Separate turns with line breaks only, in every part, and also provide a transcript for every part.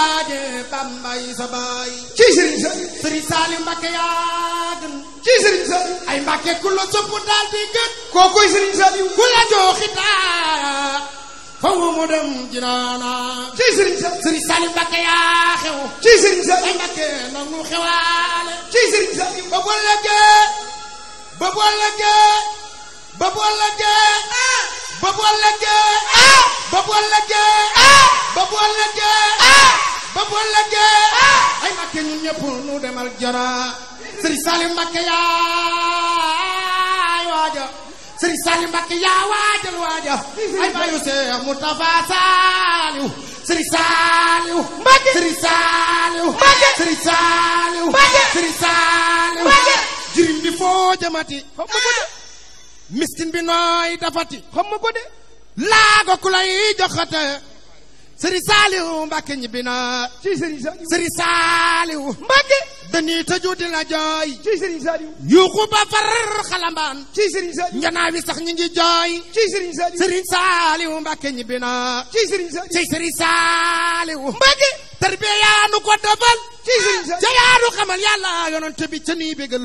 alaaje Bambay sa baay. ci Serigne Sali. Serigne Sali Mbacke yaa gën. ci Serigne Sali. ay Mbacke ku la sopp daal di gën. kookoy Serigne Sali. ku la jooxi daa. faw mu dem jinaana. ci Serigne Sali. Serigne Sali Mbacke yaa xew. ci Serigne Sali. ay Mbacke nangu xewaale. ci Serigne Sali. ba boo lëggee. ba boo lëggee. ba boo lëggee. Ah! ba boo lëggee. Ah! ba boo lëggee. Ah! ba boo lëggee. ba bu ëllëgee ay Mbakke ñun ñëpp nu demal jara Serigne Salim Mbakke yaay waaja Serigne Salim Mbakke yaa waajal waaja ay baayu Seex Mustafa Saaliw Serigne Saaliw Mbakke Serigne Saaliw Mbakke Serigne Saaliw Mbakke Serigne Saaliw Mbakke jëriñ bi foo jëmati xam miskin bi nooy dafati xam nga laago ku lay sëriñ Saalihu Mbàkke ñibbi na. ci sëriñ Saalihu sëriñ Saalihu Mbàkke. dañuy tëju di la jooy. ci sëriñ Saalihu. yuuxu ba far xalambaan. ci sëriñ Saalihu. njanaaw yi sax ñu ngi jooy. ci sëriñ Saalihu sëriñ Saalihu Mbàkke ñibbi na. ci sëriñ Saalihu ci sëriñ Saalihu. Mbàkke. tarbiya yaa nu ko defal. ci sëriñ Saalihu ja yaa nu xamal yàlla yonent bi ca nii bégal.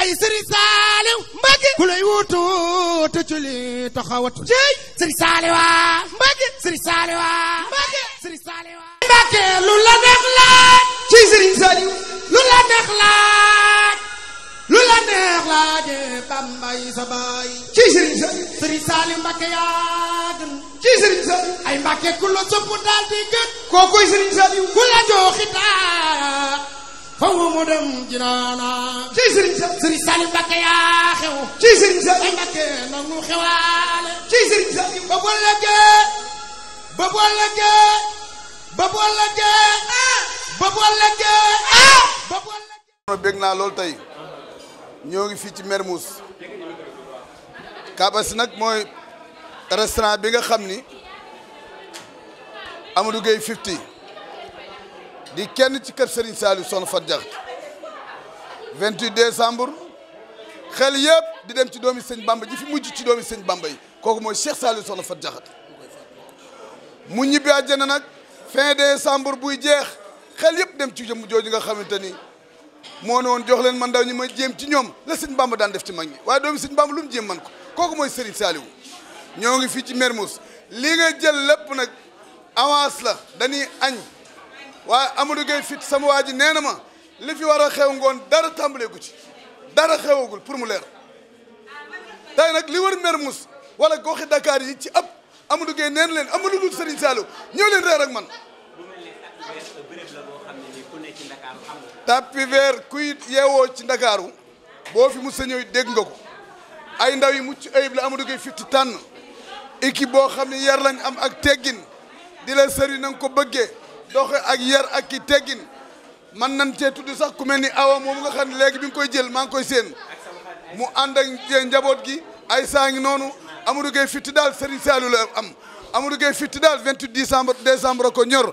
ay sëriñ saaliw mbàkke ku lay wutu te li taxawat jëy sëriñ saaliwa mbàkke sëriñ saaliwa mbàkke sëriñ saaliwa lu la neex laaj ci sëriñ saaliw lu lu la neex laaje bambay sa baay ci sëriñ saaliw sëriñ saaliw yaa gën ci sëriñ saaliw ay mbàkke ku la sopp di gën kookoy sëriñ saaliw ku la jooxi daal fawu mu dem jinaana ci sëriñ sa sëriñ Salim Mbakke yaa xew ci sëriñ sa ay Mbakke nangu xewaale ci sëriñ sa ba bol la jee ba bol la jee ba bol la jee ba bol la jee
ba bol la jee bég naa loolu tey ñoo ngi fii ci Mermoz Kabas nag mooy restaurant bi nga xam ni Amadou Gueye 50 di kenn ci kër Serigne Saliou Sokhna Faty Diakhaté 28 décembre xel yëpp di dem ci doomi sëñ Bamba ji fi mujj ci doomi sëñ Bamba yi kooku mooy Cheikh Saliou Sokhna Faty Diakhaté mu ñibbi àjjana nag fin décembre buy jeex xel yëpp dem ci jëm jooju nga xamante ni moo ne woon jox leen man ndaw ñi ma jéem ci ñoom la sëñ Bamba daan def ci mag ñi waaye doomi sëñ Bamba lu mu jéem man ko kooku mooy Serigne Saliou ñoo ngi fii ci Mermoz li nga jël lépp nag avance la dañuy añ waaye Amadou Gueye fit sama waa ji nee na ma li fi war a xew ngoon dara tàmbalee gu ci dara xewagul pour mu leer tey nag li wër mus wala goxi dakaar yi ci ab Amadou Gueye nee leen Amadou Loul Serigne Saliou ñëw leen reer ak man. tapis vert kuy yeewoo ci ndakaaru boo fi mu sa ñëw dégg nga ko ay ndaw yi mucc ayib la Amadou Gueye fit tànn équipe boo xam ne yar lañ am ak teggin di la sëri na ko bëggee. doxe ak yar ak ki teggin man nan cee tudd sax ku mel ni awa moom nga xam ne léegi bi nga koy jël maa ngi koy séen mu ànd ak njaboot gi ay saa ngi noonu Amadou Gueye fitti daal Serigne Saliou la am Amadou Gueye fitti daal 28 décembre décembre ko ñor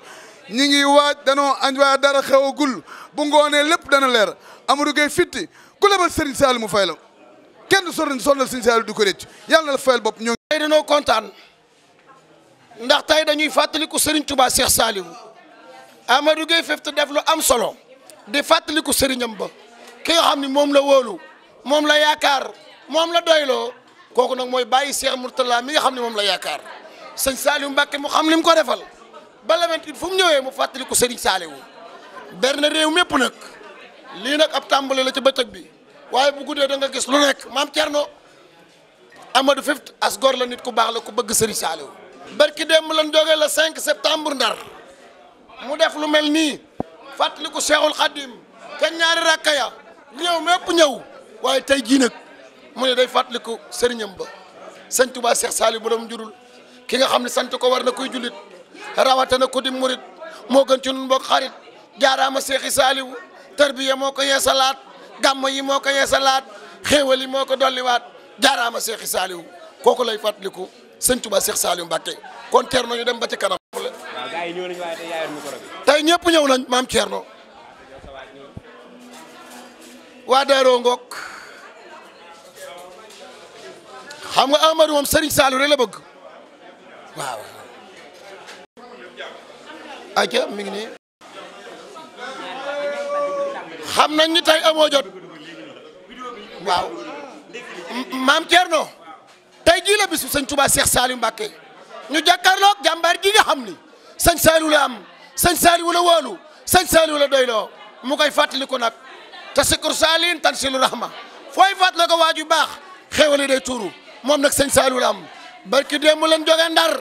ñi ngi waaj danoo añ waaye dara xewagul bu ngoonee lépp dana leer Amadou Gueye fitti ku lebal Serigne Saliou mu fay la kenn du sonal sonal Serigne Saliou du ko rëcc yàlla na la bopp ñoo tey dañoo kontaan ndax tey
dañuy fàttaliku Serigne Touba Cheikh Saliou Amadou Gueye Fifth def lu am solo di fàttaliku sëriñam ba ki xam ni moom la wóolu moom la yaakaar moom la doyloo kooku nag mooy bàyyi Cheikh Mourtala mi nga xam ne moom la yaakaar sëñ Saliou Mbacke mu xam mu ko defal ba lamente fu mu ñëwee mu fàttaliku sëriñ Saliou berne réew mépp nag lii nag ab tàmbali la ci bëccëg bi waaye bu guddee da nga gis lu nekk maam Thierno Amadou Fifth as gor la nit ku baax la ku bëgg sëriñ Saliou barki démb lan jógee la 5 septembre ndar mu def lu mel nii fàttaliku Seexul Xadim kenn ñaari rakka ya réew mépp ñëw waaye tey jii nag mu ne day fàttaliku sëriñam ba sëñ Tuubaa Seex Saaliw borom jurul ki nga xam ne sant ko war na koy jullit rawatina ko di murit moo gën ci nun xarit jaaraama Seexi Saaliw tarbiya moo ko salaat gàmm yi moo ko yeesalaat xéewal yi moo ko dolliwaat jaaraama Seexi Saaliw kooku lay fàttaliku sëñ Tuubaa Seex Saaliw Mbàkke kon teer nañu dem ba ci kanam tey ñëpp ñëw nañ maam Thierno waa Daaroo Ngok xam nga Amadou moom Serigne Saalu rek la bëgg waaw. ayca mi nii xam nañ ni tey amoo jot waaw maam Thierno tey jii la bisu sëñ Touba Cheikh Saliou Mbacké ñu jàkkaarloog jàmbaar ji nga xam ni sëñ Saliou la am. sëñ Saaliw la wóolu sëñ Saaliw la doyloo mu koy fàttaliku nag te sikkur saalin tan silu rahma fooy fàttali ko waaju baax xéwal yi day tuuru moom nag sëñ Saaliw la am barki démb leen jógee ndar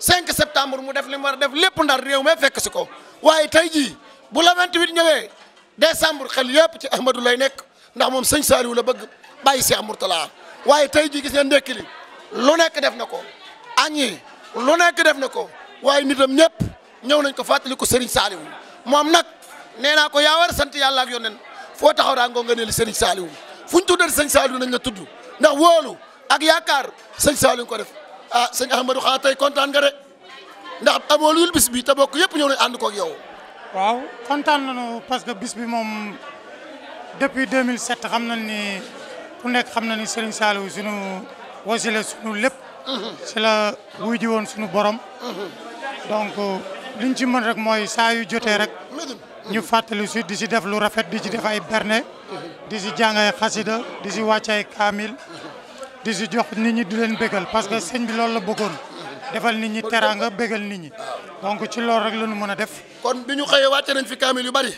5 septembre mu def li war a def lépp ndar réew mi fekk si ko waaye tey jii bu la 28 ñëwee décembre xel yëpp ci Ahmadou lay nekk ndax moom sëñ Saaliw la bëgg bàyyi Cheikh Mourtala waaye tey jii gis ngeen ndekki li lu nekk def na ko añi lu nekk def ne ko waaye nitam ñëpp. ñëw nañ ko fàttali ko Serigne Saliou moom nag nee naa ko yaa war a sant yàlla ak yonen foo taxaw daa ngoo nga ne li Serigne Saliou fu ñu tuddal sëñ Saliou nañ la tuddu ndax wóolu ak yaakaar sëñ Saliou ko def ah sëñ Ahmadou xanaa tey kontaan nga de ndax amoo lu bis ta bokk yëpp ñëw nañ ànd koog yow. waaw kontaan nañu parce que bis bi
moom depuis 2007 xam nañ ni ku nekk xam na ni Serigne Saliou sunu wasila sunu lépp. Mhm. ci la woon sunu borom. Mhm. liñ ci mën rek mooy saa yu jotee rek ñu fàttali si di si def
lu rafet di si def ay berne di si jàng ay xasida di si wàcc ay kaamil di si jox nit ñi di leen bégal parce que sëñ bi loolu la bëggoon defal nit ñi teraanga bégal nit ñi donc ci loolu rek la ñu mën a def. kon bi ñu xëyee wàcce nañ fi kaamil yu bari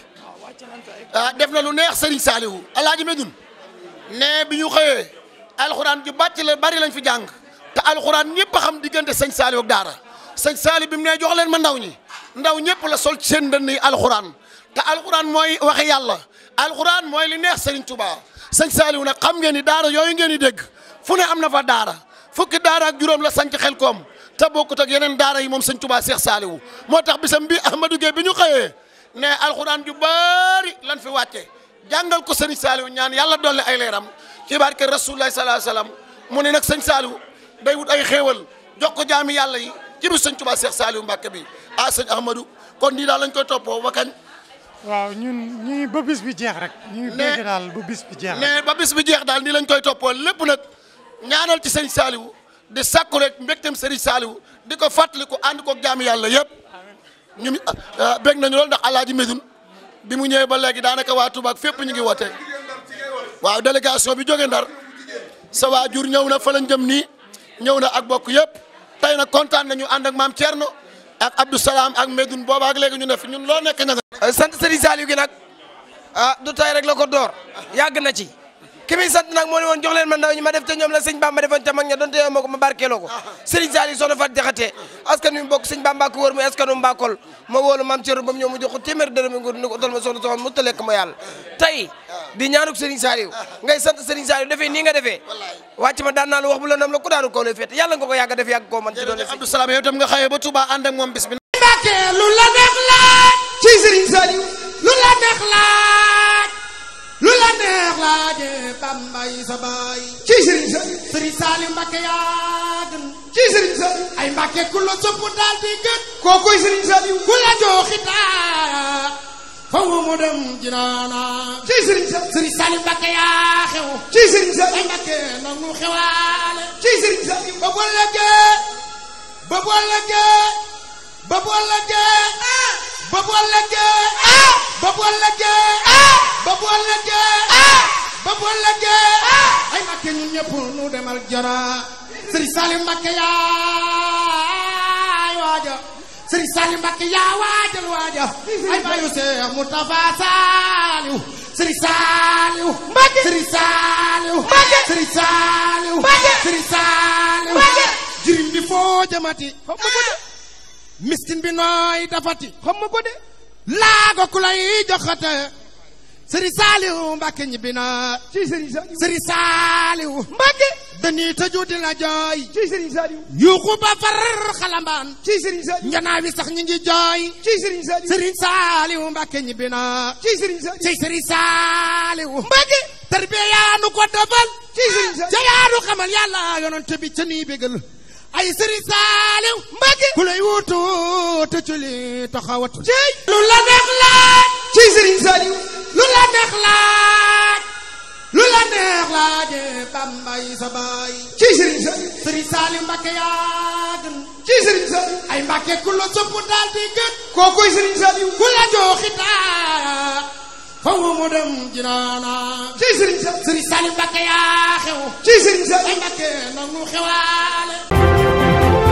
ah def na lu neex Serigne Saliou Alaaji Medoune ne bi ñu xëyee alxuraan ju bàcc la bari lañ fi jàng te alxuraan ñëpp a xam diggante sëñ Saliou ak daara sëñ Saliou bi mu ne jox leen ma ndaw ñi. ndaw ñëpp la sol ci seen dënn yi alxuraan te alxuraan mooy waxe yàlla alxuraan mooy li neex Serigne Touba sëñ Saliou nag xam ngeen ni daara yooyu ngeen di dégg fu ne am na fa daara fukki daara ak juróom la sanc xel koom te bokkut tak yeneen daara yi moom sëñ Touba Cheikh Saliou moo tax bisam bi Ahmadou Gueye bi ñu xëyee ne alxuraan ju bari lan fi wàcce jàngal ko sëñ Saliou ñaan yàlla dolli ay leeram ci barke Rasulullah sallallahu alayhi wasallam mu ne nag sëñ Saliou day ay xéewal jox ko jaami yàlla yi. jëru sëñ Tuubaa Seex Saaliw Mbàkke bi ah sëñ Ahmadou kon nii daal lañ koy toppoo ba kañ
waaw ñun ñu
ba bis bi jeex rek. ñu ba bis jeex rek ba bi jeex daal nii lañ koy toppoo lépp nag ñaanal ci sëñ Saaliw di sakku rek mbégteem sëriñ Saaliw di ko fàttali ko ànd ko jaamu yàlla yëpp ñu ah, ah, bég nañu lool ndax alaaji Medoune bi mu ñëwee ba léegi daanaka waa Touba fépp ñu ngi woote waaw délégation bi jóge Ndar sa waajur ñëw na fa lañ jëm nii ñëw na ak bokk yëpp. tey nag kontaan nañu ànd ak maam Thierno ak Abdou Salam ak Medoune booba ak léegi ñu ne fi ñun loo nekk nga. Eh, sant Serigne Saliou gi nag ah du tay rek la ko door yàgg na ci. ki muy sant nag moo ne woon jox ma ndaw ñi ma def ñoom la sëñ Bamba defoon ca mag ña donte yow moo ko ma barkeeloo ko Serigne Saliou soxna Fat Jaxate askan wi bokk sëñ Bamba ko ma woolu maam Thierno ba mu mu jox ko téeméer dërëm nguur ni ko utal ma mu ta lekk ma yàlla tey di ñaanuk Serigne Saliou ngay sant Serigne Saliou defee nii nga defee wàcc ma daan naa la wax bu nam la ku daanu kaw lay fete ko yàgg def yàgg koo man
mbay sa baay. ci Serigne Sa. Serigne Saliou Mbacke yaa ci Serigne Sa. ay Mbacke ku la di gën. kookoy Serigne Saliou. ku la jooxi daa. mu dem jinaana. ci Serigne Sa. Serigne yaa xew. ci Serigne Sa. ay Mbacke ndax mu ci Serigne Sa. ba bu ëllëgee. ba bu ëllëgee. ba bu ëllëgee. Ah! ba bu ah! ba bu ëllëgee. Ah! ba bu ba bu ëllëgee ay Mbakke ñun ñëpp nu demal jara Serigne Salim Mbakke yaay waaja Serigne Salim Mbakke yaa waajal waaja ay baayu Seex Mustafa Saaliw Serigne Saaliw Mbakke Serigne Saaliw Mbakke Serigne Saaliw Mbakke Serigne Saaliw Mbakke jëriñ bi foo jëmati xam miskin bi nooy dafati xam nga laago ku lay sëriñ Saalihu Mbàkke ñibbi na. ci sëriñ Saalihu sëriñ Saalihu Mbàkke. dañuy tëju di jooy. yuuxu ba far xalambaan. ci sëriñ Saalihu. njanaa sax ñu ngi jooy. ci sëriñ Saalihu sëriñ Saalihu Mbàkke ñibbi na. ci sëriñ Saalihu ci sëriñ Mbàkke. tarbiya ko defal. ci sëriñ Saalihu Mbàkke. ku lay wutu te ci li taxawat. lu la neex laaj. sëriñ Saalihu. lu la neex laaj lu la neex laaje bambay sa baay ci sëriñ sa sëriñ Saaliw Mbàkke yaa gën ci sëriñ sa ay ku la sopp daal di gën kookoy sëriñ Saaliw ku la jooxitaa faw mu ci sëriñ sa sëriñ yaa xew ci sëriñ sa ay Mbàkke nag